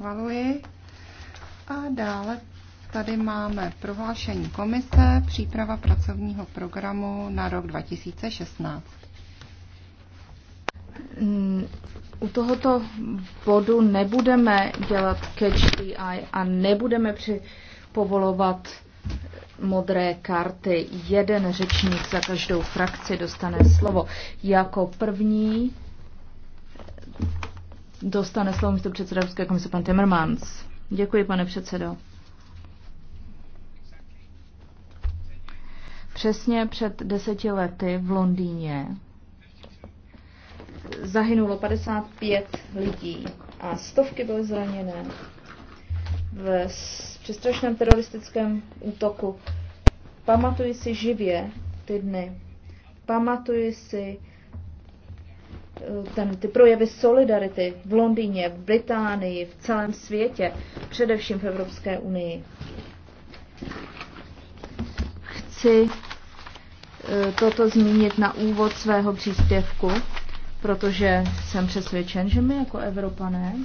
schvaluji. A dále tady máme prohlášení komise, příprava pracovního programu na rok 2016. Mm, u tohoto bodu nebudeme dělat catch the eye a nebudeme při povolovat modré karty. Jeden řečník za každou frakci dostane slovo. Jako první dostane slovo místo předseda Evropské komise pan Timmermans. Děkuji, pane předsedo. Přesně před deseti lety v Londýně zahynulo 55 lidí a stovky byly zraněné v přestrašném teroristickém útoku. Pamatuji si živě ty dny. Pamatuji si Eh, ten, ty projevy solidarity v Londýně, v Británii, v celém světě, především v Evropské unii. Chci eh, toto zmínit na úvod svého příspěvku, protože jsem přesvědčen, že my jako Evropané,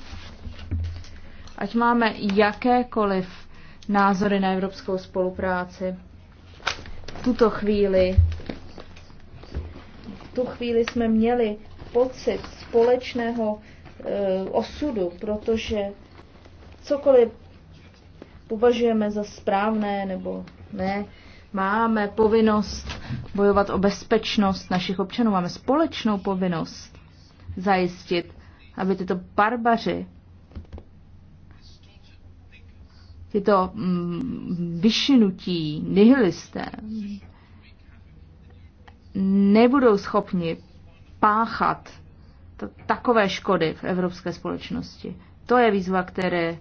ať máme jakékoliv názory na evropskou spolupráci, tuto chvíli, tu chvíli jsme měli pocit společného eh, osudu, protože cokoliv považujeme za správné nebo ne, máme povinnost bojovat o bezpečnost našich občanů, máme společnou povinnost zajistit, aby tyto barbaři, tyto mm, vyšinutí nihilisté nebudou schopni páchat takové škody v evropské společnosti. To je výzva, které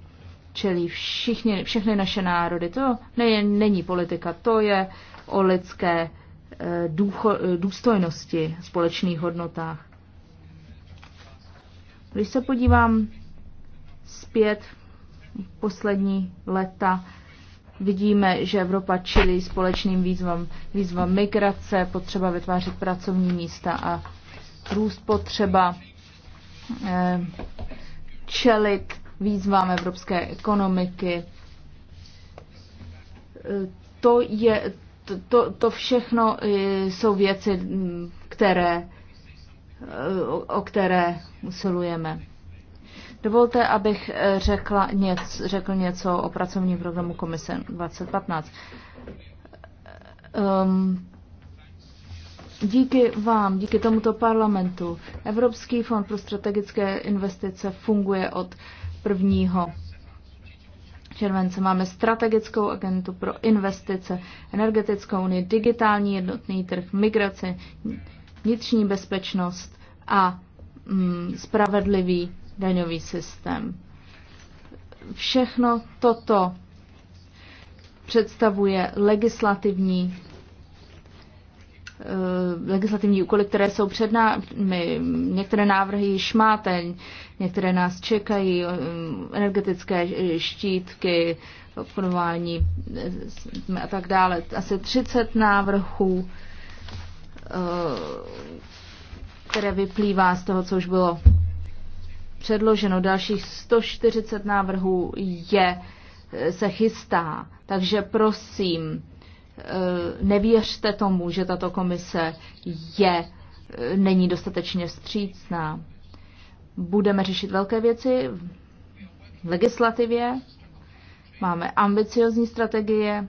čelí všichni, všechny naše národy. To ne, není politika, to je o lidské eh, důcho, eh, důstojnosti, společných hodnotách. Když se podívám zpět poslední leta, vidíme, že Evropa čelí společným výzvám, výzvám migrace, potřeba vytvářet pracovní místa a růst potřeba eh, čelit výzvám evropské ekonomiky. Eh, to, je, to, to všechno eh, jsou věci, které, o které usilujeme. Dovolte, abych řekla něco, řekl něco o pracovním programu Komise 2015. Um, Díky vám, díky tomuto parlamentu, Evropský fond pro strategické investice funguje od 1. července. Máme strategickou agentu pro investice, energetickou unii, digitální jednotný trh, migraci, vnitřní bezpečnost a mm, spravedlivý daňový systém. Všechno toto představuje legislativní Eh, legislativní úkoly, které jsou před námi. Některé návrhy již máte, některé nás čekají, eh, energetické štítky, obchodování eh, a tak dále. Asi 30 návrhů, které vyplývá z toho, co už bylo předloženo. Dalších 140 návrhů je, se chystá. Takže prosím, Eh, nevěřte tomu, že tato komise je, eh, není dostatečně vstřícná. Budeme řešit velké věci v legislativě, máme ambiciozní strategie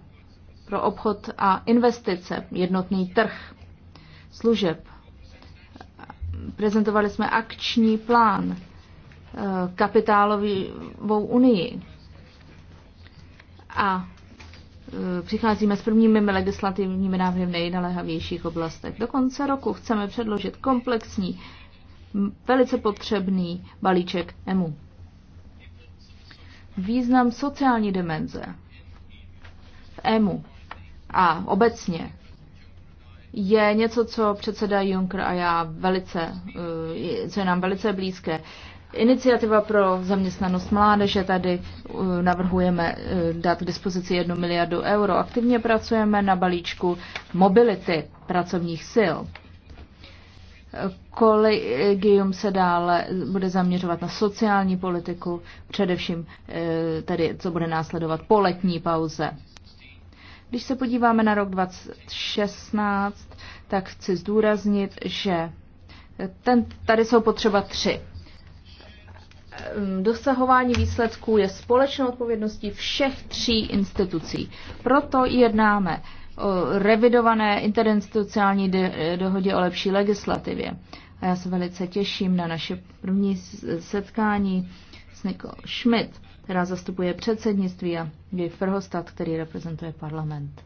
pro obchod a investice, jednotný trh, služeb. Prezentovali jsme akční plán, eh, kapitálovou unii. A Přicházíme s prvními legislativními návrhy v nejnaléhavějších oblastech. Do konce roku chceme předložit komplexní, velice potřebný balíček EMU. Význam sociální dimenze v EMU a obecně je něco, co předseda Juncker a já velice, eh, co je nám velice blízké. Iniciativa pro zaměstnanost mládeže tady eh, navrhujeme eh, dát k dispozici 1 miliardu euro. Aktivně pracujeme na balíčku mobility pracovních sil. Kolegium se dále bude zaměřovat na sociální politiku, především eh, tedy, co bude následovat po letní pauze. Když se podíváme na rok 2016, tak chci zdůraznit, že ten, tady jsou potřeba tři Ehm, dosahování výsledků je společnou odpovědností všech tří institucí. Proto jednáme o revidované interinstitucionální dohodě o lepší legislativě. A já se velice těším na naše první setkání s Nicole Schmidt, která zastupuje předsednictví a Guy Frhostat, který reprezentuje parlament.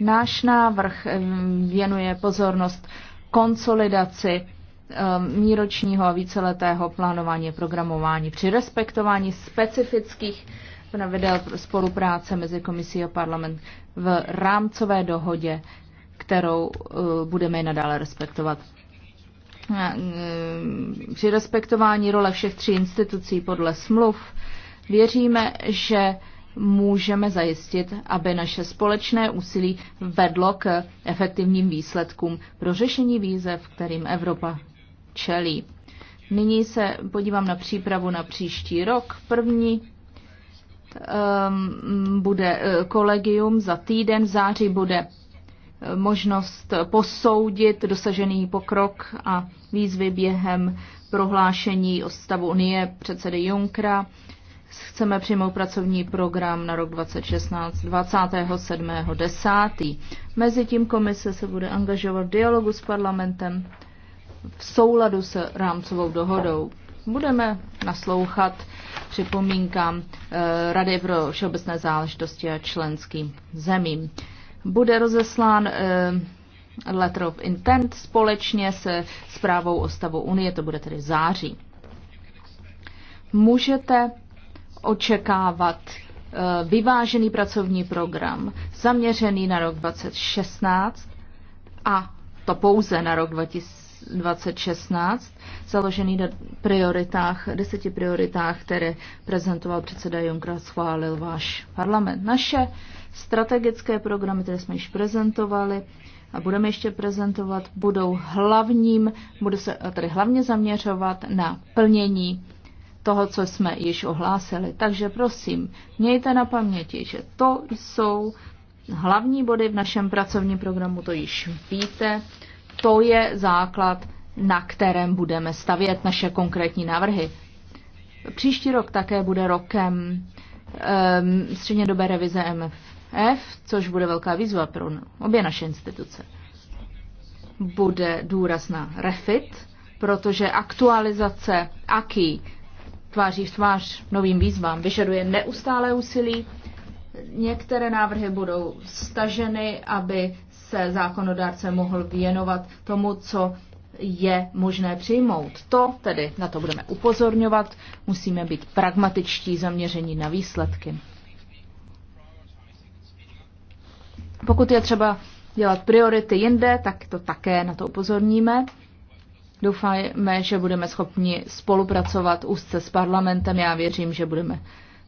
Náš návrh ehm, věnuje pozornost konsolidaci míročního um, a víceletého plánování a programování při respektování specifických pravidel spolupráce mezi komisí a parlament v rámcové dohodě, kterou uh, budeme i nadále respektovat. Uh, um, při respektování role všech tří institucí podle smluv věříme, že můžeme zajistit, aby naše společné úsilí vedlo k efektivním výsledkům pro řešení výzev, kterým Evropa čelí. Nyní se podívám na přípravu na příští rok. První um, bude eh, kolegium za týden, v září bude eh, možnost posoudit dosažený pokrok a výzvy během prohlášení o stavu Unie předsedy Junkra. Chceme přijmout pracovní program na rok 2016 27.10. Mezitím komise se bude angažovat v dialogu s parlamentem v souladu s rámcovou dohodou. Budeme naslouchat připomínkám eh, Rady pro všeobecné záležitosti a členským zemím. Bude rozeslán eh, letter of intent společně se zprávou o stavu Unie, to bude tedy září. Můžete očekávat eh, vyvážený pracovní program zaměřený na rok 2016 a to pouze na rok 2016 2016, založený na prioritách, deseti prioritách, které prezentoval předseda Juncker schválil váš parlament. Naše strategické programy, které jsme již prezentovali a budeme ještě prezentovat, budou hlavním, budu se tedy hlavně zaměřovat na plnění toho, co jsme již ohlásili. Takže prosím, mějte na paměti, že to jsou hlavní body v našem pracovním programu, to již víte. To je základ, na kterém budeme stavět naše konkrétní návrhy. Příští rok také bude rokem um, střednědobé revize MFF, což bude velká výzva pro obě naše instituce. Bude důraz na refit, protože aktualizace AKI tváří v tvář novým výzvám vyžaduje neustálé úsilí. Některé návrhy budou staženy, aby se zákonodárce mohl věnovat tomu, co je možné přijmout. To tedy na to budeme upozorňovat, musíme být pragmatičtí, zaměření na výsledky. Pokud je třeba dělat priority jinde, tak to také na to upozorníme. Doufáme, že budeme schopni spolupracovat úzce s parlamentem. Já věřím, že budeme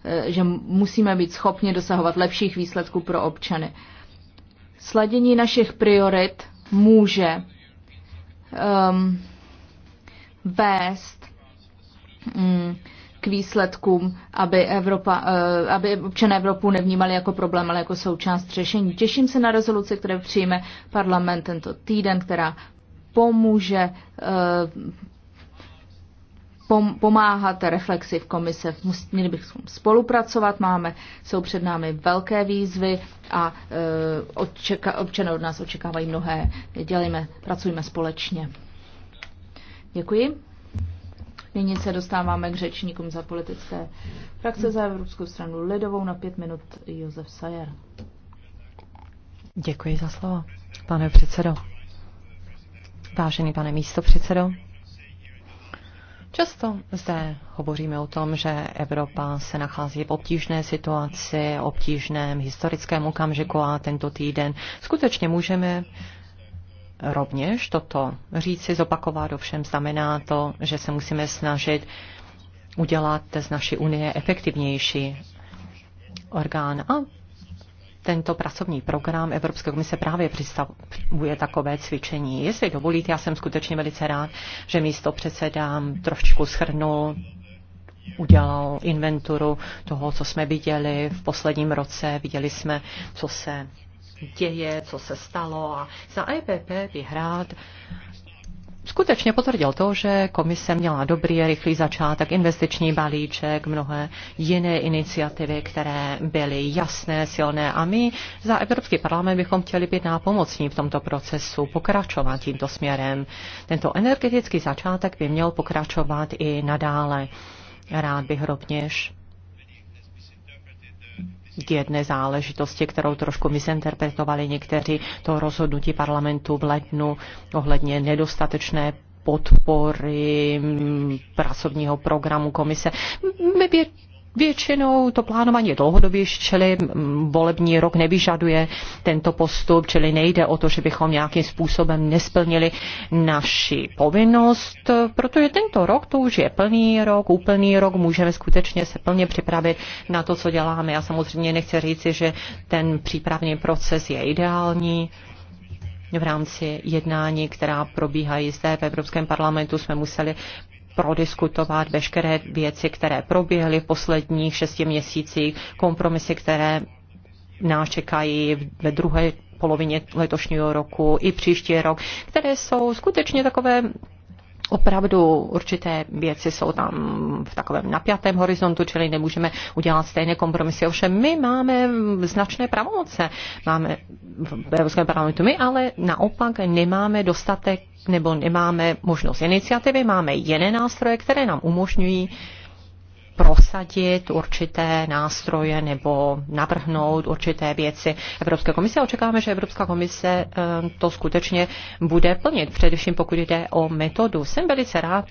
eh, že musíme být schopni dosahovat lepších výsledků pro občany. Sladění našich priorit může um, vést um, k výsledkům, aby, Evropa, uh, aby občané Evropu nevnímali jako problém, ale jako součást řešení. Těším se na rezoluci, které přijme parlament tento týden, která pomůže uh, pom- pomáhat reflexi v komise. Měli bychom spolupracovat, máme, jsou před námi velké výzvy a e, občané od nás očekávají mnohé. Dělejme, pracujme společně. Děkuji. Nyní se dostáváme k řečníkům za politické frakce za Evropskou stranu Lidovou na pět minut Josef Sajer. Děkuji za slovo, pane předsedo. Vážený pane místo předsedo, Často zde hovoříme o tom, že Evropa se nachází v obtížné situaci, obtížném historickém okamžiku a tento týden skutečně můžeme rovněž toto říci, zopakovat, ovšem znamená to, že se musíme snažit udělat z naší unie efektivnější orgán. A tento pracovní program Evropské komise právě představuje takové cvičení. Jestli dovolíte, já jsem skutečně velice rád, že místo předsedám trošičku schrnul udělal inventuru toho, co jsme viděli v posledním roce. Viděli jsme, co se děje, co se stalo a za EPP bych rád skutečně potvrdil to, že komise měla dobrý, rychlý začátek, investiční balíček, mnohé jiné iniciativy, které byly jasné, silné a my za Evropský parlament bychom chtěli být nápomocní v tomto procesu, pokračovat tímto směrem. Tento energetický začátek by měl pokračovat i nadále. Rád bych rovněž k jedné záležitosti, kterou trošku misinterpretovali někteří, to rozhodnutí parlamentu v lednu ohledně nedostatečné podpory mm, pracovního programu komise. My Většinou to plánování je dlouhodobější, čili mm, volební rok nevyžaduje tento postup, čili nejde o to, že bychom nějakým způsobem nesplnili naši povinnost, protože tento rok to už je plný rok, úplný rok, můžeme skutečně se plně připravit na to, co děláme. Já samozřejmě nechci říci, že ten přípravný proces je ideální, v rámci jednání, která probíhají zde v Evropském parlamentu, jsme museli prodiskutovat veškeré věci, které proběhly v posledních šesti měsících, kompromisy, které nás čekají ve druhé polovině letošního roku i příští rok, které jsou skutečně takové opravdu určité věci jsou tam v takovém napjatém horizontu, čili nemůžeme udělat stejné kompromisy. Ovšem my máme značné pravomoce. Máme v Evropském parlamentu my, ale naopak nemáme dostatek nebo nemáme možnost iniciativy, máme jiné nástroje, které nám umožňují uh, prosadit určité nástroje nebo navrhnout určité věci Evropské komise. Očekáváme, že Evropská komise eh, to skutečně bude plnit, především pokud jde o metodu. Jsem velice rád,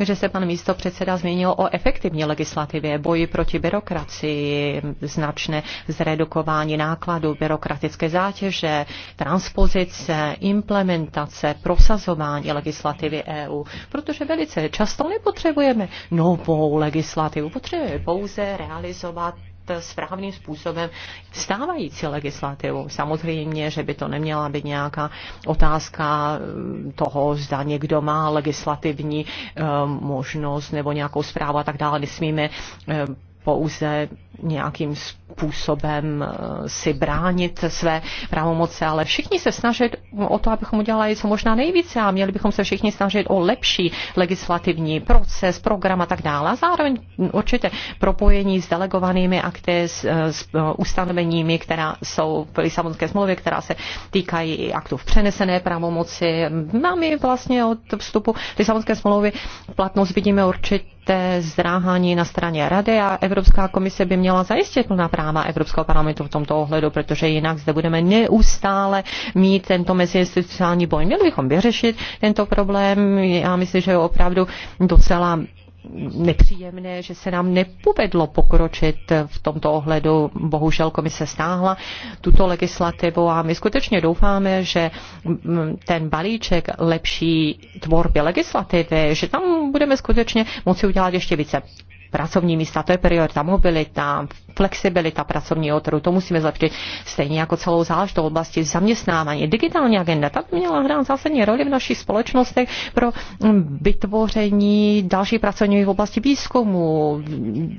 že se pan místo předseda zmínil o efektivní legislativě, boji proti byrokracii, značné zredukování nákladů, byrokratické zátěže, transpozice, implementace, prosazování legislativy EU, protože velice často nepotřebujeme novou legislativu, Potřebuje pouze realizovat správným způsobem stávající legislativu. Samozřejmě, že by to neměla být nějaká otázka eh, toho, zda někdo má legislativní eh, možnost nebo nějakou zprávu a tak dále. Nesmíme eh, pouze nějakým způsobem eh, si bránit své pravomoce, ale všichni se snažit o to, abychom udělali co možná nejvíce a měli bychom se všichni snažit o lepší legislativní proces, program a tak dále. A zároveň určitě propojení s delegovanými akty, s, eh, s eh, ustanoveními, která jsou v Lisabonské smlouvě, která se týkají i aktů v přenesené pravomoci. Máme vlastně od vstupu Lisabonské smlouvy platnost vidíme určitě zdráhání na straně Rady a Evropská komise by měla měla zajistit plná práva Evropského parlamentu v tomto ohledu, protože jinak zde budeme neustále mít tento meziinstitucionální boj. Měli bychom vyřešit tento problém. Já myslím, že je opravdu docela nepříjemné, že se nám nepovedlo pokročit v tomto ohledu. Bohužel komise stáhla tuto legislativu a my skutečně doufáme, že ten balíček lepší tvorby legislativy, že tam budeme skutečně moci udělat ještě více pracovní místa, to je priorita, mobilita, flexibilita pracovního trhu, to musíme zlepšit. Stejně jako celou záležitou oblasti zaměstnávání. Digitální agenda, ta by měla hrát zásadní roli v našich společnostech pro mm, vytvoření další pracovní v oblasti výzkumu,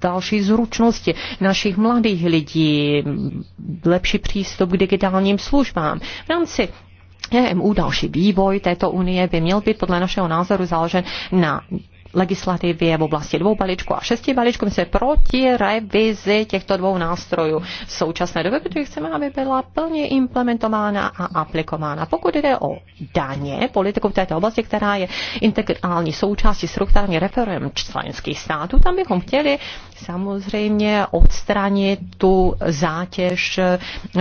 další zručnosti našich mladých lidí, lepší přístup k digitálním službám. V rámci EMU další vývoj této unie by měl být podle našeho názoru založen na legislativě v oblasti dvou balíčků a šesti balíčků. My jsme proti revizi těchto dvou nástrojů v současné době, protože chceme, aby byla plně implementována a aplikována. Pokud jde o daně, politiku v této oblasti, která je integrální součástí strukturální referem členských států, tam bychom chtěli samozřejmě odstranit tu zátěž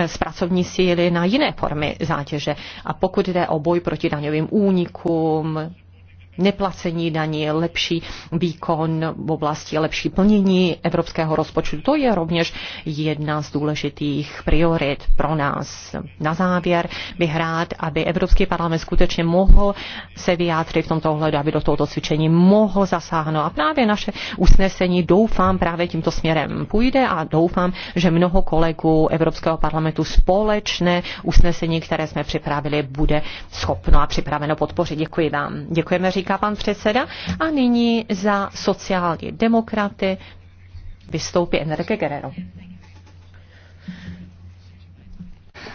z pracovní síly na jiné formy zátěže. A pokud jde o boj proti daňovým únikům, neplacení daní, lepší výkon v oblasti lepší plnění evropského rozpočtu. To je rovněž jedna z důležitých priorit pro nás. Na závěr bych rád, aby Evropský parlament skutečně mohl se vyjádřit v tomto ohledu, aby do tohoto cvičení mohl zasáhnout. A právě naše usnesení doufám právě tímto směrem půjde a doufám, že mnoho kolegů Evropského parlamentu společné usnesení, které jsme připravili, bude schopno a připraveno podpořit. Děkuji vám. Děkujeme, říká pan předseda. A nyní za sociální demokraty vystoupí Enrique Guerrero.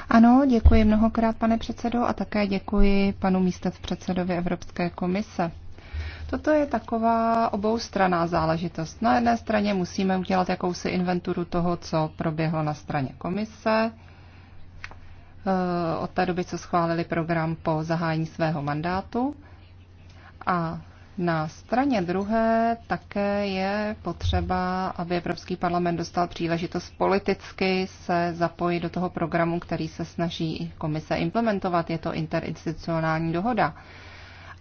Ano, děkuji mnohokrát, pane předsedo, a také děkuji panu místec předsedovi Evropské komise. Toto je taková oboustraná záležitost. Na jedné straně musíme udělat jakousi inventuru toho, co proběhlo na straně komise, eh, od té doby, co schválili program po zahájení svého mandátu. A na straně druhé také je potřeba, aby Evropský parlament dostal příležitost politicky se zapojit do toho programu, který se snaží komise implementovat. Je to interinstitucionální dohoda.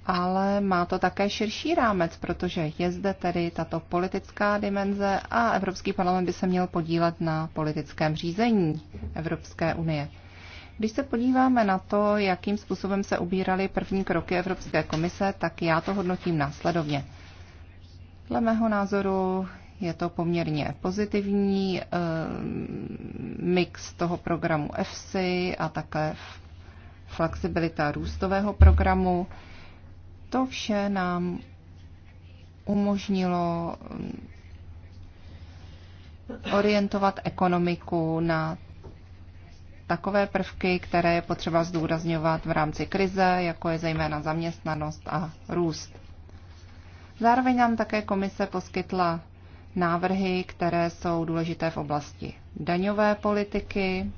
Ale má to také širší rámec, protože je zde tedy tato politická dimenze a Evropský parlament by se měl podílet na politickém řízení Evropské unie. Když se podíváme na to, jakým způsobem se ubíraly první kroky Evropské komise, tak já to hodnotím následovně. Dle mého názoru je to poměrně pozitivní eh, mix toho programu EFSI a také flexibilita růstového programu. To vše nám umožnilo mm, orientovat ekonomiku na takové prvky, které je potřeba zdůrazňovat v rámci krize, jako je zejména zaměstnanost a růst. Zároveň nám také komise poskytla návrhy, které jsou důležité v oblasti daňové politiky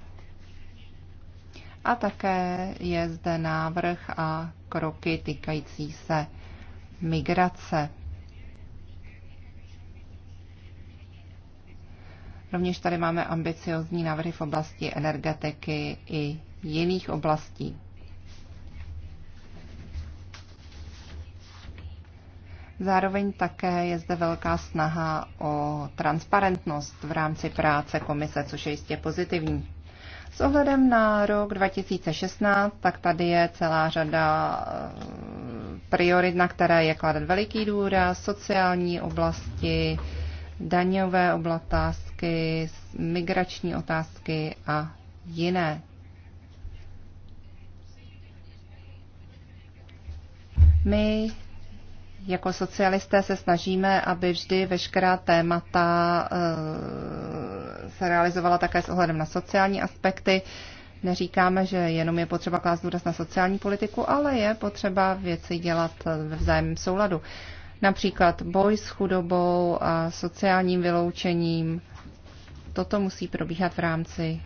a také je zde návrh a kroky týkající se migrace. Rovněž tady máme ambiciozní návrhy v oblasti energetiky i jiných oblastí. Zároveň také je zde velká snaha o transparentnost v rámci práce komise, což je jistě pozitivní. S ohledem na rok 2016, tak tady je celá řada eh, priorit, na které je kladen veliký důraz, sociální oblasti, daňové oblatázky, migrační otázky a jiné. My jako socialisté se snažíme, aby vždy veškerá témata eh, se realizovala také s ohledem na sociální aspekty. Neříkáme, že jenom je potřeba klást důraz na sociální politiku, ale je potřeba věci dělat ve vzájemném souladu například boj s chudobou a sociálním vyloučením. Toto musí probíhat v rámci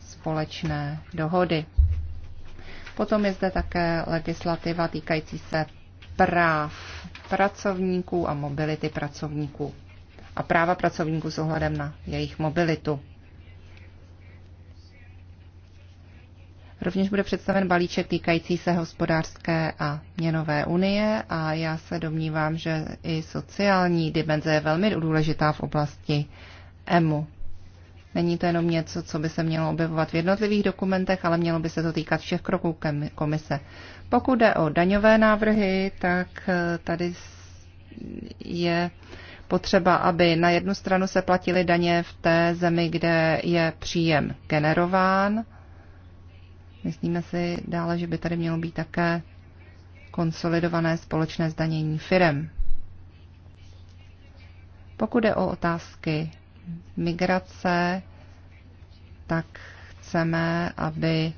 společné dohody. Potom je zde také legislativa týkající se práv pracovníků a mobility pracovníků a práva pracovníků s ohledem na jejich mobilitu. Rovněž bude představen balíček týkající se hospodářské a měnové unie a já se domnívám, že i sociální dimenze je velmi důležitá v oblasti EMU. Není to jenom něco, co by se mělo objevovat v jednotlivých dokumentech, ale mělo by se to týkat všech kroků komise. Pokud jde o daňové návrhy, tak eh, tady je potřeba, aby na jednu stranu se platily daně v té zemi, kde je příjem generován, Myslíme si dále, že by tady mělo být také konsolidované společné zdanění firem. Pokud je o otázky migrace, tak chceme, aby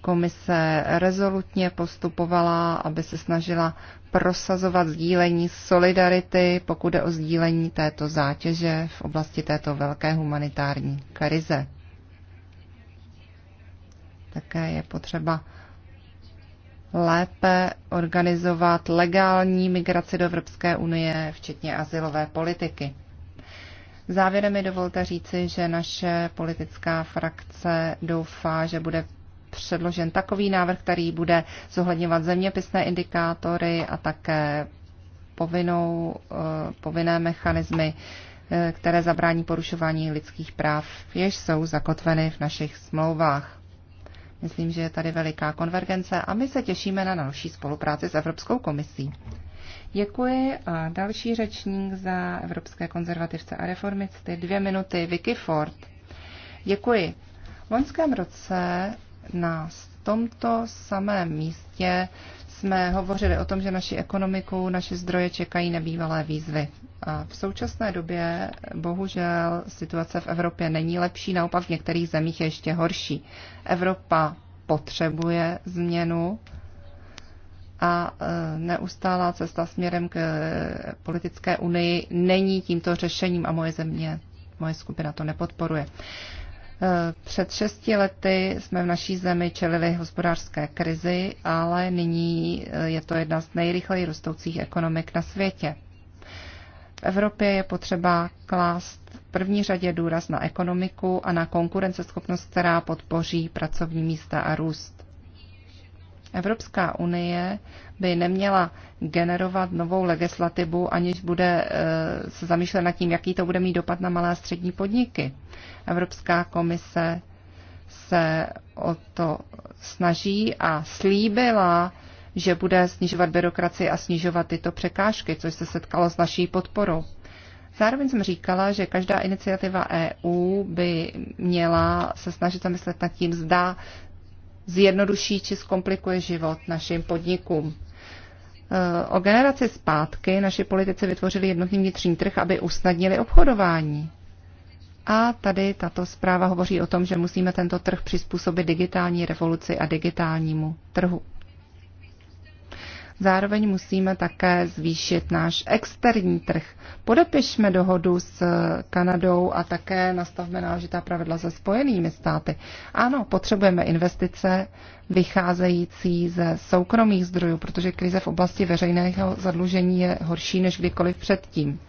komise rezolutně postupovala, aby se snažila prosazovat sdílení solidarity, pokud je o sdílení této zátěže v oblasti této velké humanitární krize. Také je potřeba lépe organizovat legální migraci do Evropské unie, včetně asilové politiky. Závěrem mi dovolte říci, že naše politická frakce doufá, že bude předložen takový návrh, který bude zohledňovat zeměpisné indikátory a také povinnou, eh, povinné mechanismy, eh, které zabrání porušování lidských práv, jež jsou zakotveny v našich smlouvách. Myslím, že je tady veliká konvergence a my se těšíme na další spolupráci s Evropskou komisí. Děkuji a další řečník za Evropské konzervativce a reformisty. Dvě minuty, Vicky Ford. Děkuji. V loňském roce na tomto samém místě jsme hovořili o tom, že naši ekonomiku, naše zdroje čekají nebývalé výzvy v současné době bohužel situace v Evropě není lepší, naopak v některých zemích je ještě horší. Evropa potřebuje změnu a e, neustálá cesta směrem k e, politické unii není tímto řešením a moje země, moje skupina to nepodporuje. E, před šesti lety jsme v naší zemi čelili hospodářské krizi, ale nyní je to jedna z nejrychleji rostoucích ekonomik na světě. V Evropě je potřeba klást v první řadě důraz na ekonomiku a na konkurenceschopnost, která podpoří pracovní místa a růst. Evropská unie by neměla generovat novou legislativu, aniž bude eh, se zamýšlet nad tím, jaký to bude mít dopad na malé a střední podniky. Evropská komise se o to snaží a slíbila že bude snižovat byrokracii a snižovat tyto překážky, což se setkalo s naší podporou. Zároveň jsem říkala, že každá iniciativa EU by měla se snažit zamyslet nad tím, zda zjednoduší či zkomplikuje život našim podnikům. E, o generaci zpátky naši politici vytvořili jednotný vnitřní trh, aby usnadnili obchodování. A tady tato zpráva hovoří o tom, že musíme tento trh přizpůsobit digitální revoluci a digitálnímu trhu. Zároveň musíme také zvýšit náš externí trh. Podepišme dohodu s Kanadou a také nastavme náležitá pravidla se spojenými státy. Ano, potřebujeme investice vycházející ze soukromých zdrojů, protože krize v oblasti veřejného zadlužení je horší než kdykoliv předtím.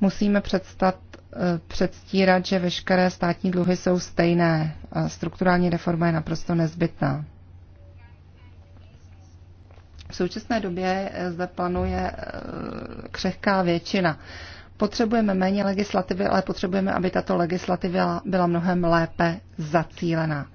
Musíme předstat eh, předstírat, že veškeré státní dluhy jsou stejné. Strukturální reforma je naprosto nezbytná. V současné době eh, zde panuje eh, křehká většina. Potřebujeme méně legislativy, ale potřebujeme, aby tato legislativa byla mnohem lépe zacílená.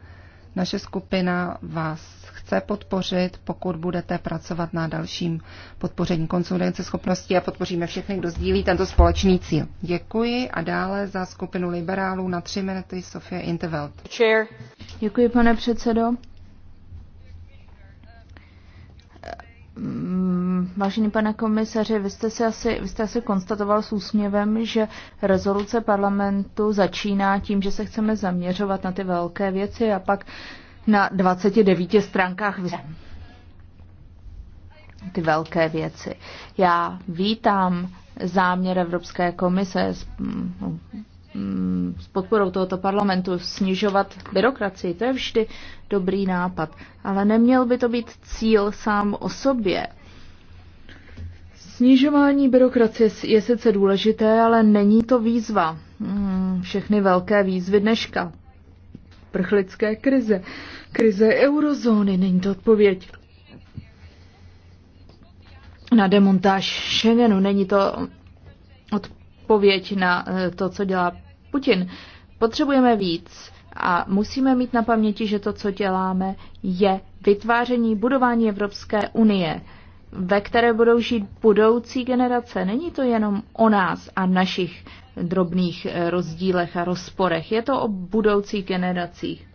Naše skupina vás chce podpořit, pokud budete pracovat na dalším podpoření konsolidace schopností a podpoříme všechny, kdo sdílí tento společný cíl. Děkuji a dále za skupinu liberálů na tři minuty Sofie Intervelt. Děkuji, pane předsedo. Mm, vážený pane komisaři, vy jste, si asi, vy jste asi konstatoval s úsměvem, že rezoluce parlamentu začíná tím, že se chceme zaměřovat na ty velké věci a pak na 29 stránkách ty velké věci. Já vítám záměr Evropské komise Mm, s podporou tohoto parlamentu snižovat byrokracii. To je vždy dobrý nápad, ale neměl by to být cíl sám o sobě. Snižování byrokracie je sice důležité, ale není to výzva. Mm, všechny velké výzvy dneška. Prchlické krize, krize eurozóny, není to odpověď. Na demontáž Schengenu není to odpověď odpověď na eh, to, co dělá Putin. Potřebujeme víc a musíme mít na paměti, že to, co děláme, je vytváření, budování Evropské unie, ve které budou žít budoucí generace. Není to jenom o nás a našich drobných eh, rozdílech a rozporech. Je to o budoucích generacích.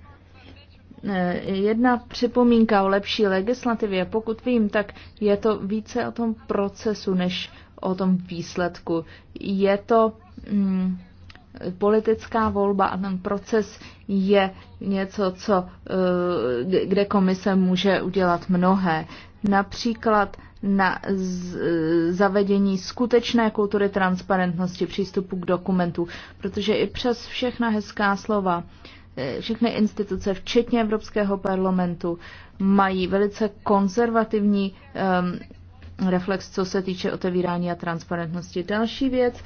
Eh, jedna připomínka o lepší legislativě, pokud vím, tak je to více o tom procesu než o tom výsledku. Je to mm, politická volba a ten proces je něco, co, eh, kde komise může udělat mnohé. Například na eh, zavedení skutečné kultury transparentnosti přístupu k dokumentu, protože i přes všechna hezká slova eh, všechny instituce, včetně Evropského parlamentu, mají velice konzervativní ehm, reflex, co se týče otevírání a transparentnosti. Další věc,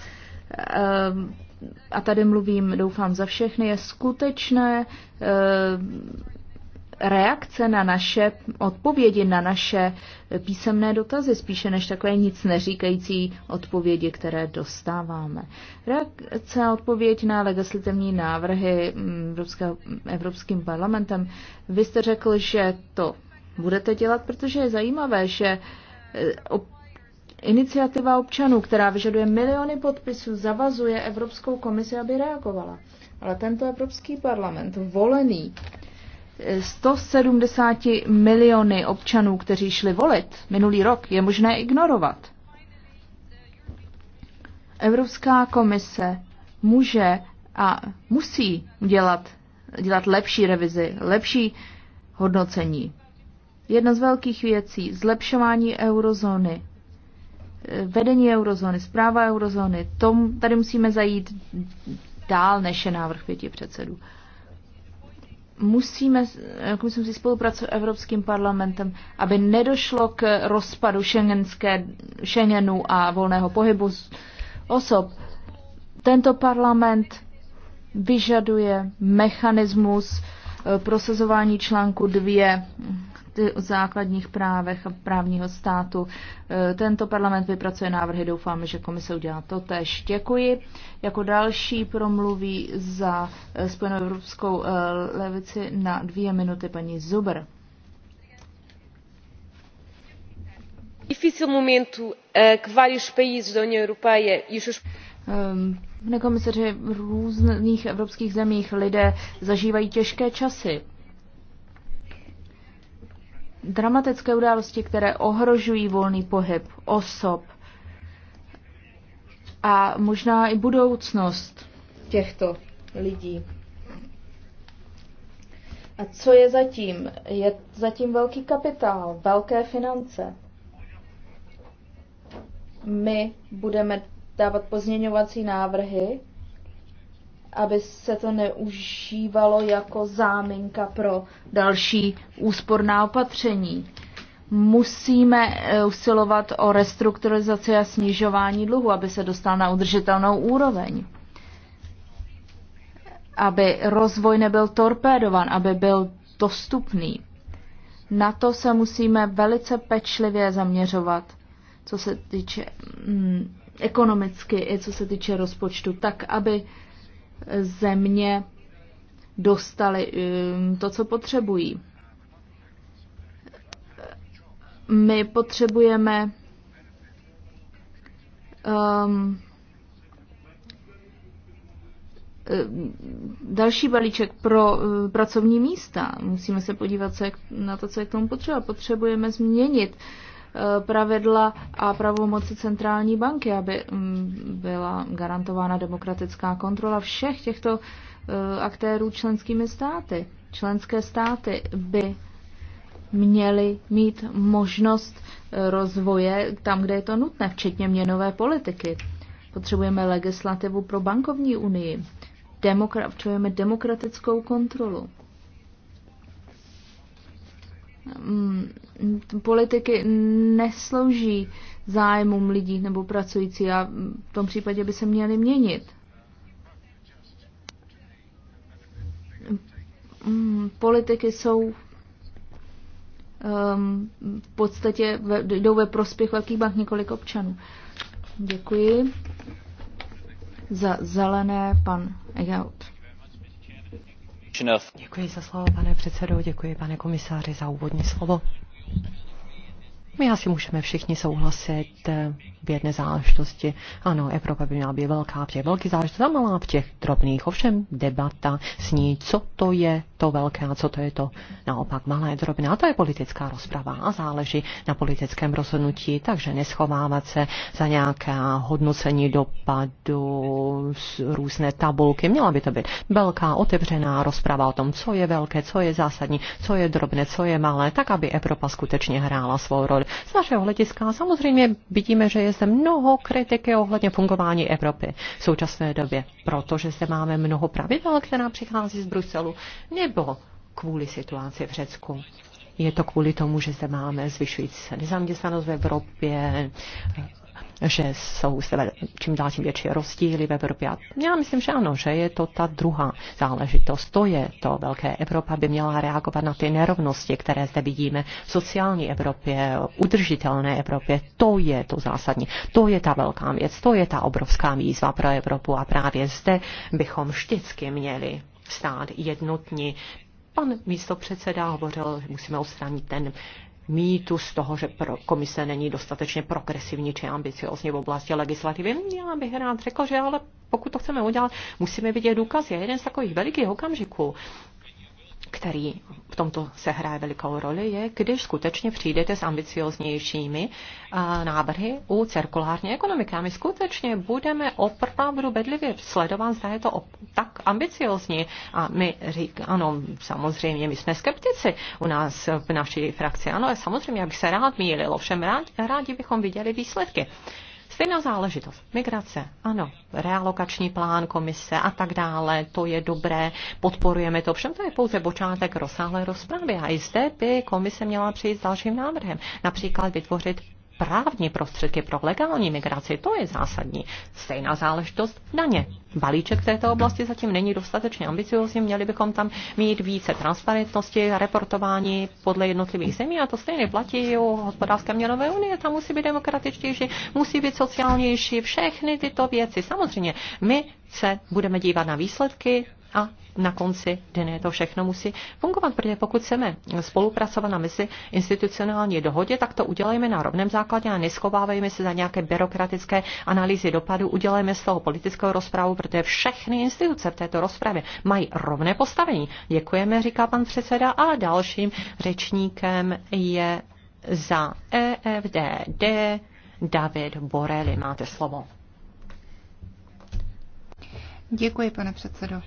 ehm, a tady mluvím, doufám, za všechny, je skutečné ehm, reakce na naše odpovědi, na naše písemné dotazy, spíše než takové nic neříkající odpovědi, které dostáváme. Reakce a odpověď na legislativní návrhy mm, Evropského, Evropským parlamentem. Vy jste řekl, že to budete dělat, protože je zajímavé, že uh, Eh, iniciativa občanů, která vyžaduje miliony podpisů, zavazuje Evropskou komisi, aby reagovala. Ale tento Evropský parlament, volený 170 eh, miliony občanů, kteří šli volit minulý rok, je možné ignorovat. Evropská komise může a musí dělat, dělat lepší revizi, lepší hodnocení. Jedna z velkých věcí, zlepšování eurozóny, eh, vedení eurozóny, zpráva eurozóny, tom, tady musíme zajít dál, než je návrh pěti předsedů. Musíme, eh, jako musíme si spolupracovat s Evropským parlamentem, aby nedošlo k rozpadu šengenské, Schengenu a volného pohybu osob. Tento parlament vyžaduje mechanismus eh, prosazování článku 2 o základních právech a právního státu. E, tento parlament vypracuje návrhy, doufáme, že komise udělá to tež. Děkuji. Jako další promluví za e, Spojenou evropskou e, levici na dvě minuty paní Zuber. Difícil momentu, k vários países da União Europeia e os ehm, Pane komisaři, v různých evropských zemích lidé zažívají těžké časy dramatické události, které ohrožují volný pohyb osob a možná i budoucnost těchto lidí. A co je zatím? Je zatím velký kapitál, velké finance. My budeme dávat pozměňovací návrhy, aby se to neužívalo jako záminka pro další úsporná opatření. Musíme eh, usilovat o restrukturalizaci a snižování dluhu, aby se dostal na udržitelnou úroveň. Aby rozvoj nebyl torpédovan, aby byl dostupný. Na to se musíme velice pečlivě zaměřovat, co se týče mm, ekonomicky i co se týče rozpočtu, tak aby země dostali um, to, co potřebují. My potřebujeme um, um další balíček pro uh, pracovní místa. Musíme se podívat co je, na to, co je k tomu potřeba. Potřebujeme změnit Eh, pravidla a pravomoci centrální banky, aby mm, byla garantována demokratická kontrola všech těchto eh, aktérů členskými státy. Členské státy by měly mít možnost eh, rozvoje tam, kde je to nutné, včetně měnové politiky. Potřebujeme legislativu pro bankovní unii. Demokra- potřebujeme demokratickou kontrolu. Mm, politiky neslouží zájmům lidí nebo pracující a v tom případě by se měly měnit. Mm, politiky jsou um, v podstatě ve, jdou ve prospěch velkých bank několik občanů. Děkuji. Za zelené pan Egaut. Děkuji za slovo, pane předsedo, děkuji, pane komisáři, za úvodní slovo. My asi můžeme všichni souhlasit eh, v jedné záležitosti. Ano, Evropa by měla být velká v těch velkých záležitostech a malá v těch drobných. Ovšem debata s ní, co to je to velké a co to je to naopak malé drobné. A to je politická rozprava a záleží na politickém rozhodnutí, takže neschovávat se za nějaké hodnocení dopadu, různé tabulky. Měla by to být velká otevřená rozprava o tom, co je velké, co je zásadní, co je drobné, co je malé, tak aby Evropa skutečně hrála svou roli. Z našeho hlediska samozřejmě vidíme, že je zde mnoho kritiky ohledně fungování Evropy v současné době, protože zde máme mnoho pravidel, která přichází z Bruselu, nebo kvůli situaci v Řecku. Je to kvůli tomu, že zde máme zvyšující se nezaměstnanost v Evropě, že jsou zde čím dál tím větší rozdíly v Evropě. já myslím, že ano, že je to ta druhá záležitost. To je to. Velké Evropa by měla reagovat na ty nerovnosti, které zde vidíme v sociální Evropě, udržitelné Evropě. To je to zásadní. To je ta velká věc. To je ta obrovská výzva pro Evropu. A právě zde bychom vždycky měli stát jednotní. Pan místo předseda hovořil, že musíme odstranit ten mýtu z toho, že pro komise není dostatečně progresivní či ambiciozní v oblasti legislativy. Já bych rád řekl, že ale pokud to chceme udělat, musíme vidět důkazy. A jeden z takových velikých okamžiků, který v tomto se hraje velikou roli, je, když skutečně přijdete s ambicioznějšími eh, návrhy u cirkulární ekonomiky. A my skutečně budeme opravdu bedlivě sledovat, zda je to tak ambiciozní. A my říkáme, ano, samozřejmě, my jsme skeptici u nás v naší frakci. Ano, samozřejmě, jak se rád mýlil, ovšem rád, rádi bychom viděli výsledky. Stejná záležitost. Migrace, ano, realokační plán komise a tak dále, to je dobré, podporujeme to. Všem to je pouze počátek rozsáhlé rozpravy a i zde by komise měla přijít s dalším návrhem. Například vytvořit právní prostředky pro legální migraci, to je zásadní. Stejná záležitost daně. Balíček této oblasti zatím není dostatečně ambiciózní, měli bychom tam mít více transparentnosti, reportování podle jednotlivých zemí a to stejně platí o hospodářské měnové unie, tam musí být demokratičtější, musí být sociálnější, všechny tyto věci. Samozřejmě my se budeme dívat na výsledky, a na konci dne to všechno musí fungovat, protože pokud chceme spolupracovat na misi institucionální dohodě, tak to udělejme na rovném základě a neschovávejme se za nějaké byrokratické analýzy dopadu, udělejme z toho politickou rozprávu, protože všechny instituce v této rozpravě mají rovné postavení. Děkujeme, říká pan předseda a dalším řečníkem je za EFDD David Borelli. Máte slovo. Děkuji, pane předsedo.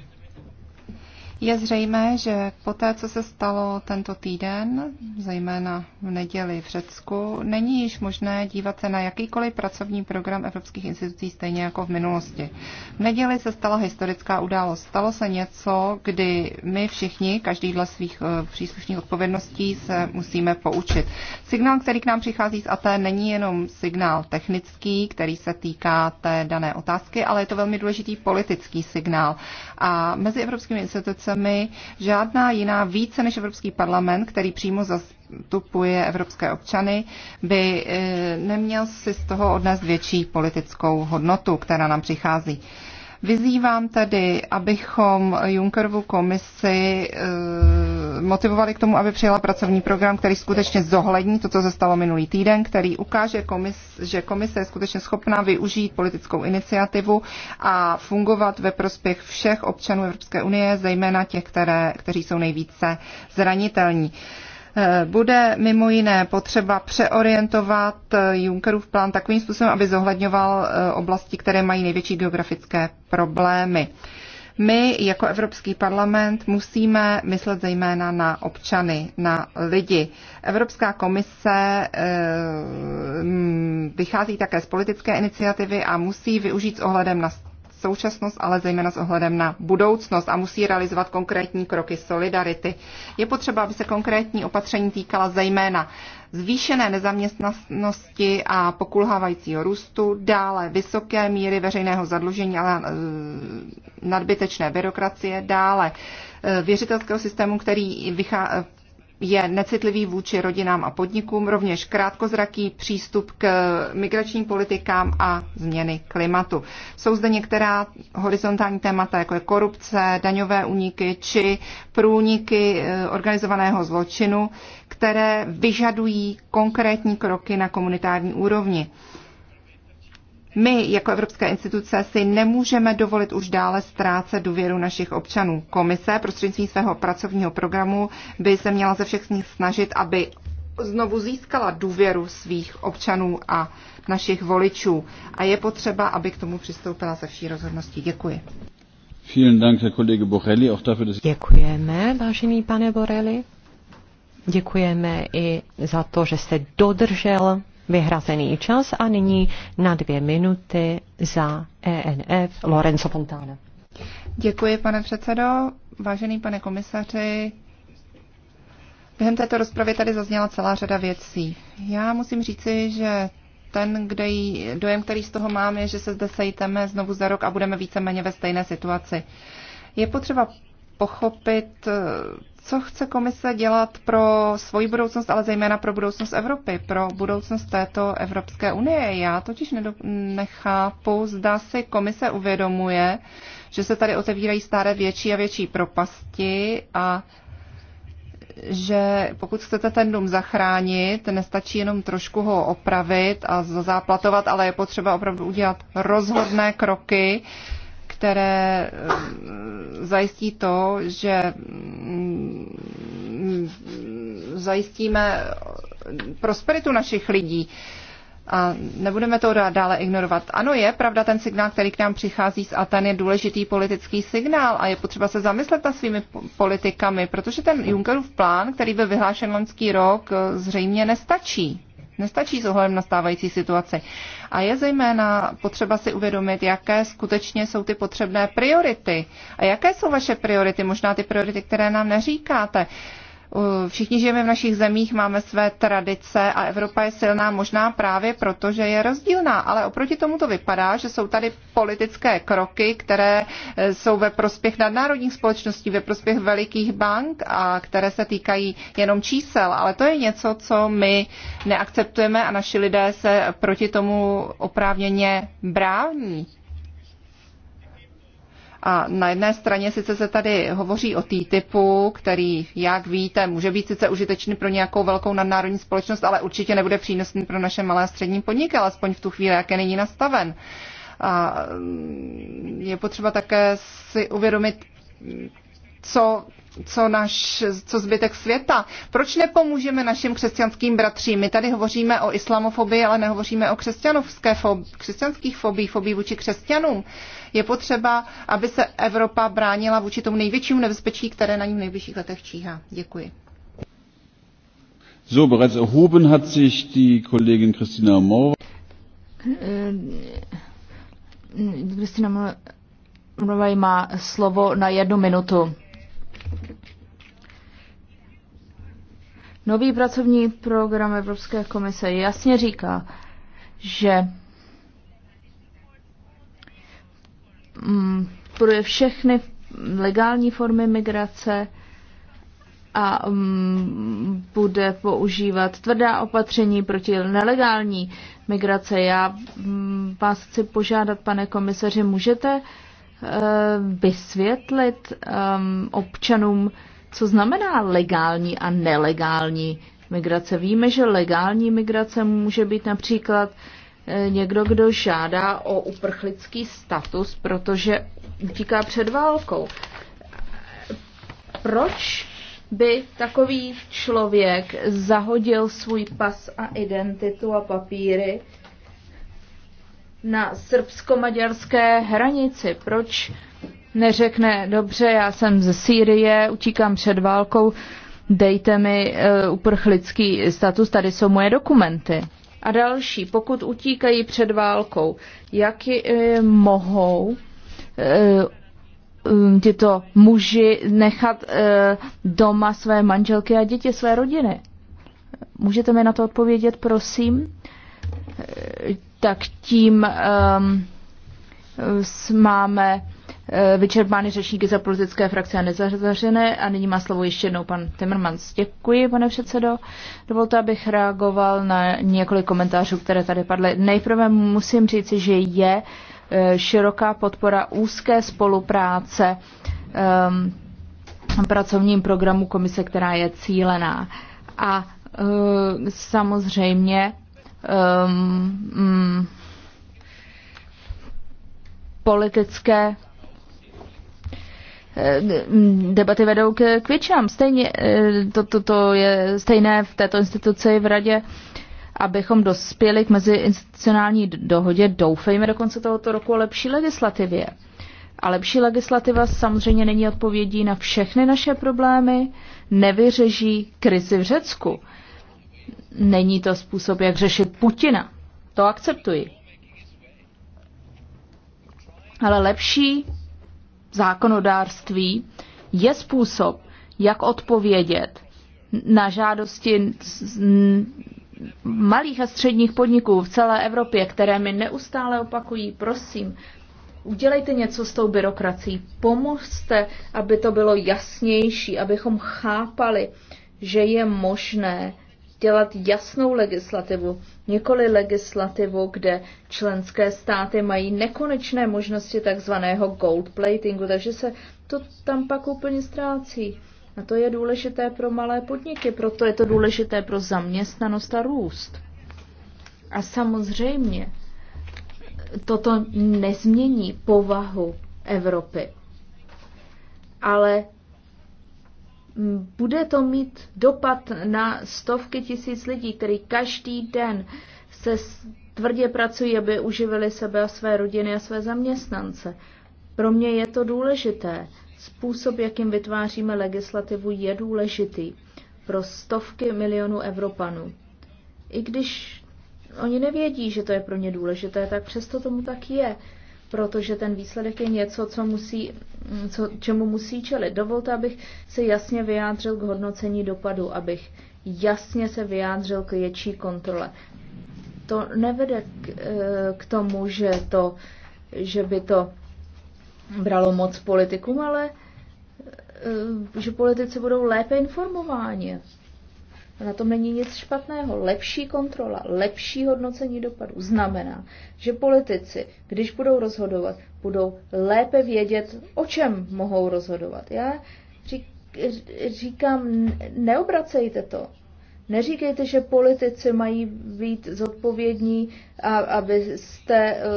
Je zřejmé, že po té, co se stalo tento týden, zejména v neděli v Řecku, není již možné dívat se na jakýkoliv pracovní program evropských institucí stejně jako v minulosti. V neděli se stala historická událost. Stalo se něco, kdy my všichni, každý dle svých eh, příslušných odpovědností, se musíme poučit. Signál, který k nám přichází z AT, není jenom signál technický, který se týká té dané otázky, ale je to velmi důležitý politický signál. A mezi evropskými institucemi zemi žádná jiná více než Evropský parlament, který přímo zastupuje evropské občany, by e, neměl si z toho odnést větší politickou hodnotu, která nám přichází. Vyzývám tedy, abychom Junckerovu komisi e, motivovali k tomu, aby přijela pracovní program, který skutečně zohlední to, co se stalo minulý týden, který ukáže, komis, že komise je skutečně schopná využít politickou iniciativu a fungovat ve prospěch všech občanů Evropské unie, zejména těch, které, kteří jsou nejvíce zranitelní. Eh, bude mimo jiné potřeba přeorientovat eh, Junckerův plán takovým způsobem, aby zohledňoval eh, oblasti, které mají největší geografické problémy. My jako Evropský parlament musíme myslet zejména na občany, na lidi. Evropská komise eh, vychází také z politické iniciativy a musí využít s ohledem na současnost, ale zejména s ohledem na budoucnost a musí realizovat konkrétní kroky solidarity. Je potřeba, aby se konkrétní opatření týkala zejména zvýšené nezaměstnanosti a pokulhávajícího růstu, dále vysoké míry veřejného zadlužení a e, nadbytečné byrokracie, dále e, věřitelského systému, který vychá, je necitlivý vůči rodinám a podnikům, rovněž krátkozraký přístup k migračním politikám a změny klimatu. Jsou zde některá horizontální témata, jako je korupce, daňové úniky či průniky eh, organizovaného zločinu, které vyžadují konkrétní kroky na komunitární úrovni. My jako Evropská instituce si nemůžeme dovolit už dále ztrácet důvěru našich občanů. Komise prostřednictvím svého pracovního programu by se měla ze všech sníh snažit, aby znovu získala důvěru svých občanů a našich voličů. A je potřeba, aby k tomu přistoupila se vší rozhodností. Děkuji. Děkujeme, vážený pane Borelli. Děkujeme i za to, že jste dodržel vyhrazený čas a nyní na dvě minuty za ENF Lorenzo Fontana. Děkuji, pane předsedo. Vážený pane komisaři, během této rozpravy tady zazněla celá řada věcí. Já musím říci, že ten, kde jí, dojem, který z toho mám, je, že se zde sejteme znovu za rok a budeme víceméně ve stejné situaci. Je potřeba pochopit co chce komise dělat pro svoji budoucnost, ale zejména pro budoucnost Evropy, pro budoucnost této Evropské unie. Já totiž nechápu, zda si komise uvědomuje, že se tady otevírají stále větší a větší propasti a že pokud chcete ten dům zachránit, nestačí jenom trošku ho opravit a záplatovat, ale je potřeba opravdu udělat rozhodné kroky, které eh, zajistí to, že zajistíme prosperitu našich lidí. A nebudeme to dále ignorovat. Ano, je pravda, ten signál, který k nám přichází z Aten, je důležitý politický signál a je potřeba se zamyslet nad svými politikami, protože ten Junckerův plán, který byl vyhlášen loňský rok, zřejmě nestačí. Nestačí s ohledem na stávající situaci. A je zejména potřeba si uvědomit, jaké skutečně jsou ty potřebné priority. A jaké jsou vaše priority, možná ty priority, které nám neříkáte. Uh, Eh, všichni žijeme v našich zemích, máme své tradice a Evropa je silná možná právě proto, že je rozdílná. Ale oproti tomu to vypadá, že jsou tady politické kroky, které eh, jsou ve prospěch nadnárodních společností, ve prospěch velikých bank a které se týkají jenom čísel. Ale to je něco, co my neakceptujeme a naši lidé se proti tomu oprávněně brání. A na jedné straně sice se tady hovoří o TTIPu, který, jak víte, může být sice užitečný pro nějakou velkou nadnárodní společnost, ale určitě nebude přínosný pro naše malé a střední podniky, alespoň v tu chvíli, jak je není nastaven. A mm, je potřeba také si uvědomit, co co, naš, co zbytek světa. Proč nepomůžeme našim křesťanským bratřím? My tady hovoříme o islamofobii, ale nehovoříme o křesťanovské fob, křesťanských fobii, fobii vůči křesťanům. Je potřeba, aby se Evropa bránila vůči tomu největšímu nebezpečí, které na ní v nejbližších letech číhá. Děkuji. So, bereits erhoben hat sich die Kollegin Christina Morova. Ehm, Christina Morova má slovo na jednu minutu. Nový pracovní program Evropské komise jasně říká, že mm, bude všechny legální formy migrace a um, bude používat tvrdá opatření proti nelegální migrace. Já um, vás chci požádat, pane komisaři, můžete Eh, vysvětlit občanům, co znamená legální a nelegální migrace. Víme, že legální migrace může být například eh, někdo, kdo žádá o uprchlický status, protože utíká před válkou. Proč by takový člověk zahodil svůj pas a identitu a papíry na srbsko-maďarské hranici. Proč neřekne, dobře, já jsem ze Sýrie, utíkám před válkou, dejte mi uh, uprchlický status, tady jsou moje dokumenty. A další, pokud utíkají před válkou, jak je, uh, mohou uh, tyto muži nechat uh, doma své manželky a děti své rodiny? Můžete mi na to odpovědět, prosím? tak tím um, máme eh, vyčerpány řečníky za politické frakce a nezařazené. A nyní má slovo ještě jednou pan Timmermans. Děkuji, pane předsedo. Dovolte, abych reagoval na několik komentářů, které tady padly. Nejprve musím říci, že je eh, široká podpora úzké spolupráce um, pracovním programu komise, která je cílená. A uh, samozřejmě um, um, politické eh, mm, debaty vedou k, k většinám. Stejně, eh, to, to, to je stejné v této instituci v radě, abychom dospěli k meziinstitucionální dohodě, doufejme do konce tohoto roku o lepší legislativě. A lepší legislativa samozřejmě není odpovědí na všechny naše problémy, nevyřeší krizi v Řecku. Není to způsob, jak řešit Putina. To akceptuji. Ale lepší zákonodárství je způsob, jak odpovědět na žádosti malých a středních podniků v celé Evropě, které mi neustále opakují, prosím, udělejte něco s tou byrokracií, pomozte, aby to bylo jasnější, abychom chápali, že je možné dělat jasnou legislativu, nikoli legislativu, kde členské státy mají nekonečné možnosti takzvaného gold platingu, takže se to tam pak úplně ztrácí. A to je důležité pro malé podniky, proto je to důležité pro zaměstnanost a růst. A samozřejmě toto nezmění povahu Evropy. Ale bude to mít dopad na stovky tisíc lidí, který každý den se tvrdě pracují, aby uživili sebe a své rodiny a své zaměstnance. Pro mě je to důležité. Způsob, jakým vytváříme legislativu, je důležitý pro stovky milionů Evropanů. I když oni nevědí, že to je pro ně důležité, tak přesto tomu tak je protože ten výsledek je něco, co musí, co, čemu musí čelit. Dovolte, abych se jasně vyjádřil k hodnocení dopadu, abych jasně se vyjádřil k větší kontrole. To nevede k, eh, k tomu, že, to, že by to bralo moc politikům, ale eh, že politici budou lépe informováni na tom není nic špatného. Lepší kontrola, lepší hodnocení dopadu znamená, že politici, když budou rozhodovat, budou lépe vědět, o čem mohou rozhodovat. Já říkám, neobracejte to. Neříkejte, že politici mají být zodpovědní, a, abyste eh,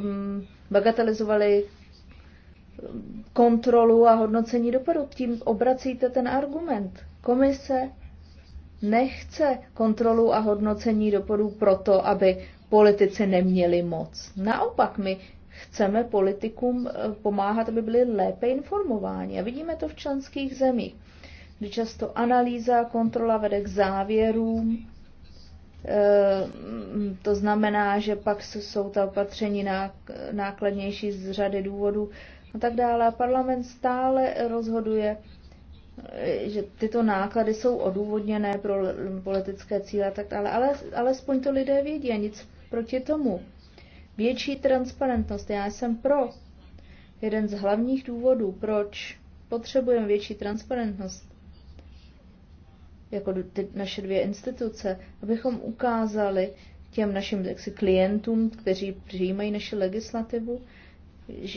mm, bagatelizovali eh, kontrolu a hodnocení dopadu. Tím obracíte ten argument. Komise nechce kontrolu a hodnocení dopadů proto, aby politici neměli moc. Naopak, my chceme politikům eh, pomáhat, aby byli lépe informováni. A vidíme to v členských zemích, kdy často analýza a kontrola vede k závěrům. Eh, to znamená, že pak jsou ta opatření nákladnější z řady důvodů a tak dále. Parlament stále rozhoduje že tyto náklady jsou odůvodněné pro politické cíle a tak dále, ale alespoň to lidé vědí a nic proti tomu. Větší transparentnost, já jsem pro. Jeden z hlavních důvodů, proč potřebujeme větší transparentnost, jako ty naše dvě instituce, abychom ukázali těm našim klientům, kteří přijímají naši legislativu,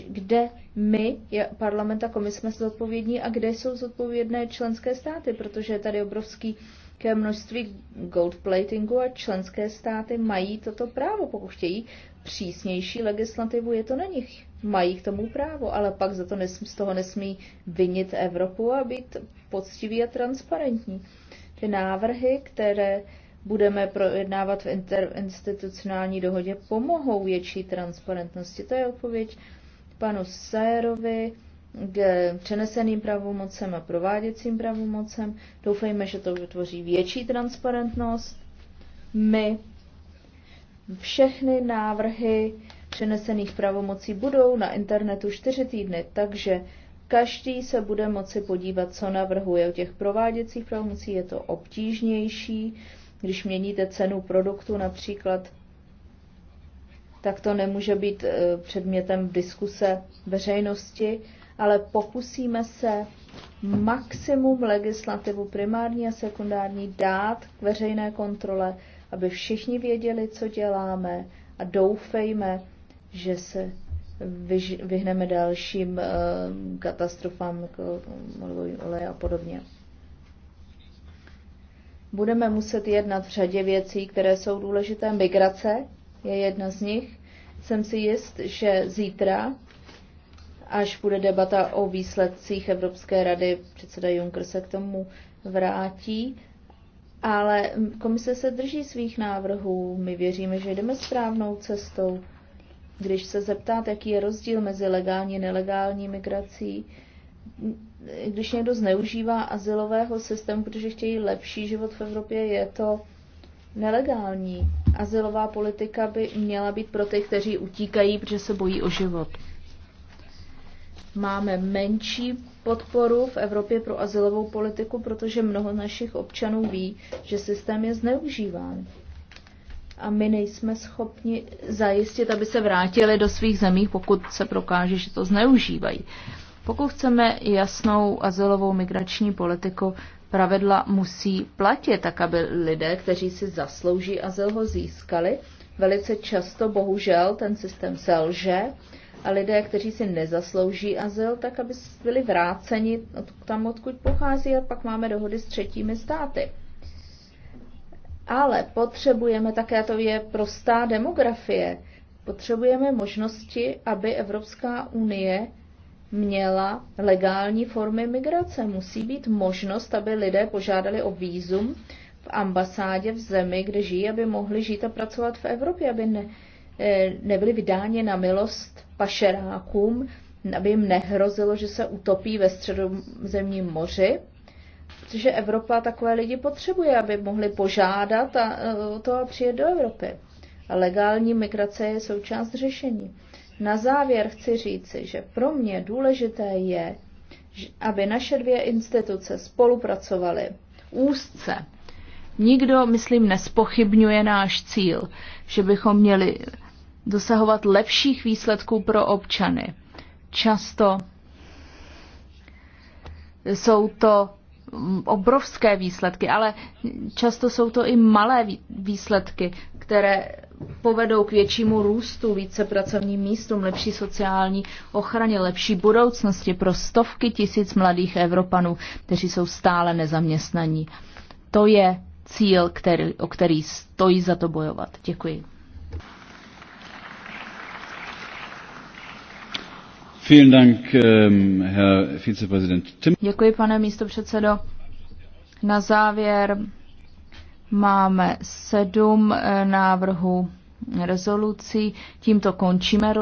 kde my, parlament a komise, jsme zodpovědní a kde jsou zodpovědné členské státy, protože je tady obrovský ke množství gold platingu a členské státy mají toto právo, pokud chtějí přísnější legislativu, je to na nich. Mají k tomu právo, ale pak za to nesmí, z toho nesmí vinit Evropu a být poctivý a transparentní. Ty návrhy, které budeme projednávat v institucionální dohodě, pomohou větší transparentnosti. To je odpověď panu Sérovi k přeneseným pravomocem a prováděcím pravomocem. Doufejme, že to vytvoří větší transparentnost. My všechny návrhy přenesených pravomocí budou na internetu čtyři týdny, takže každý se bude moci podívat, co navrhuje. U těch prováděcích pravomocí je to obtížnější když měníte cenu produktu například, tak to nemůže být e, předmětem diskuse veřejnosti, ale pokusíme se maximum legislativu primární a sekundární dát k veřejné kontrole, aby všichni věděli, co děláme a doufejme, že se vyhneme dalším e, katastrofám jako oleje a podobně budeme muset jednat v řadě věcí, které jsou důležité. Migrace je jedna z nich. Jsem si jist, že zítra, až bude debata o výsledcích Evropské rady, předseda Juncker se k tomu vrátí. Ale komise se drží svých návrhů. My věříme, že jdeme správnou cestou. Když se zeptáte, jaký je rozdíl mezi legální a nelegální migrací, když někdo zneužívá asilového systému, protože chtějí lepší život v Evropě, je to nelegální. Asilová politika by měla být pro ty, kteří utíkají, protože se bojí o život. Máme menší podporu v Evropě pro asilovou politiku, protože mnoho našich občanů ví, že systém je zneužíván. A my nejsme schopni zajistit, aby se vrátili do svých zemí, pokud se prokáže, že to zneužívají. Pokud chceme jasnou azylovou migrační politiku, pravidla musí platit, tak aby lidé, kteří si zaslouží azyl, ho získali. Velice často, bohužel, ten systém selže a lidé, kteří si nezaslouží azyl, tak aby byli vráceni tam, odkud pochází a pak máme dohody s třetími státy. Ale potřebujeme také, to je prostá demografie, potřebujeme možnosti, aby Evropská unie měla legální formy migrace. Musí být možnost, aby lidé požádali o výzum v ambasádě v zemi, kde žijí, aby mohli žít a pracovat v Evropě, aby ne, eh, nebyli vydáni na milost pašerákům, aby jim nehrozilo, že se utopí ve středozemním moři, protože Evropa takové lidi potřebuje, aby mohli požádat a, eh, o to a přijet do Evropy. A legální migrace je součást řešení. Na závěr chci říci, že pro mě důležité je, aby naše dvě instituce spolupracovaly úzce. Nikdo, myslím, nespochybňuje náš cíl, že bychom měli dosahovat lepších výsledků pro občany. Často jsou to obrovské výsledky, ale často jsou to i malé výsledky, které povedou k většímu růstu, více pracovním místům, lepší sociální ochraně, lepší budoucnosti pro stovky tisíc mladých Evropanů, kteří jsou stále nezaměstnaní. To je cíl, který, o který stojí za to bojovat. Děkuji. Ähm, Děkuji, pane místopředsedo. Na závěr máme sedm eh, návrhů rezolucí. Tímto končíme.